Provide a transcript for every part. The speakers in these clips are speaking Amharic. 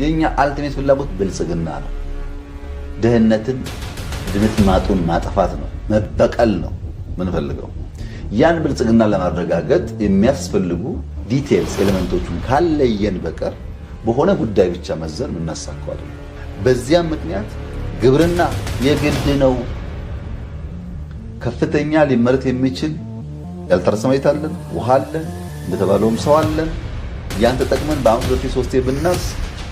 የእኛ አልቲሜት ፍላጎት ብልጽግና ነው። ድህነትን ድምት ማጡን ማጥፋት ነው፣ መበቀል ነው ምንፈልገው። ያን ብልጽግና ለማረጋገጥ የሚያስፈልጉ ዲቴልስ ኤሌመንቶቹን ካለየን በቀር በሆነ ጉዳይ ብቻ መዘን የምናሳካዋል። በዚያም ምክንያት ግብርና የግድ ነው። ከፍተኛ ሊመረት የሚችል ያልተረሰ መሬት አለን፣ ውሃ አለን፣ እንደተባለውም ሰው አለን። ያን ተጠቅመን በአሁኑ ሶስቴ ብናስ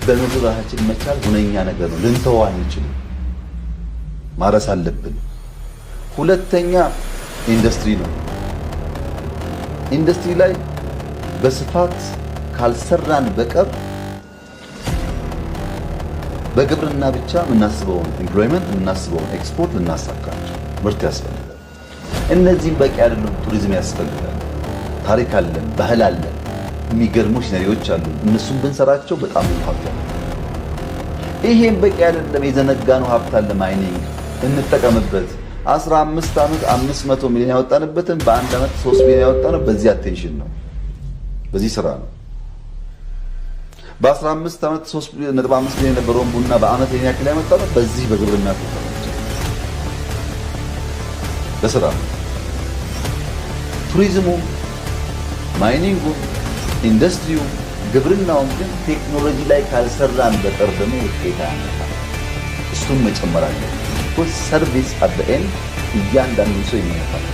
በምግብ ራሳችን መቻል ሁነኛ ነገር ነው። ልንተዋ አንችልም። ማረስ አለብን። ሁለተኛ ኢንዱስትሪ ነው። ኢንዱስትሪ ላይ በስፋት ካልሰራን በቀር በግብርና ብቻ የምናስበውን ኢምፕሎይመንት የምናስበውን ኤክስፖርት ልናሳካቸው ምርት ያስፈልጋል። እነዚህም በቂ አይደሉም። ቱሪዝም ያስፈልጋል። ታሪክ አለን፣ ባህል አለን። የሚገርሙ ሲነሪዎች አሉ። እነሱም ብንሰራቸው በጣም ብዙ ሀብት ይሄም በቂ አይደለም። የዘነጋ ነው ሀብት አለ። ማይኒንግ እንጠቀምበት። 15 ዓመት 500 ሚሊዮን ያወጣንበትን በአንድ ዓመት 3 ሚሊዮን ያወጣ ነው። በዚህ አቴንሽን ነው፣ በዚህ ስራ ነው። በ15 ዓመት 3.5 ሚሊዮን የነበረውን ቡና በአመት ይሄን ያክል ያመጣ ነው። በዚህ በግብርና ተጠቅሞ በስራ ነው። ቱሪዝሙ ማይኒንጉ ኢንዱስትሪው ግብርናውን ግን ቴክኖሎጂ ላይ ካልሰራን በቀር ደግሞ ውጤታ እሱም መጨመር አለ ሰርቪስ አደኤን እያንዳንዱ ሰው ይመለካል።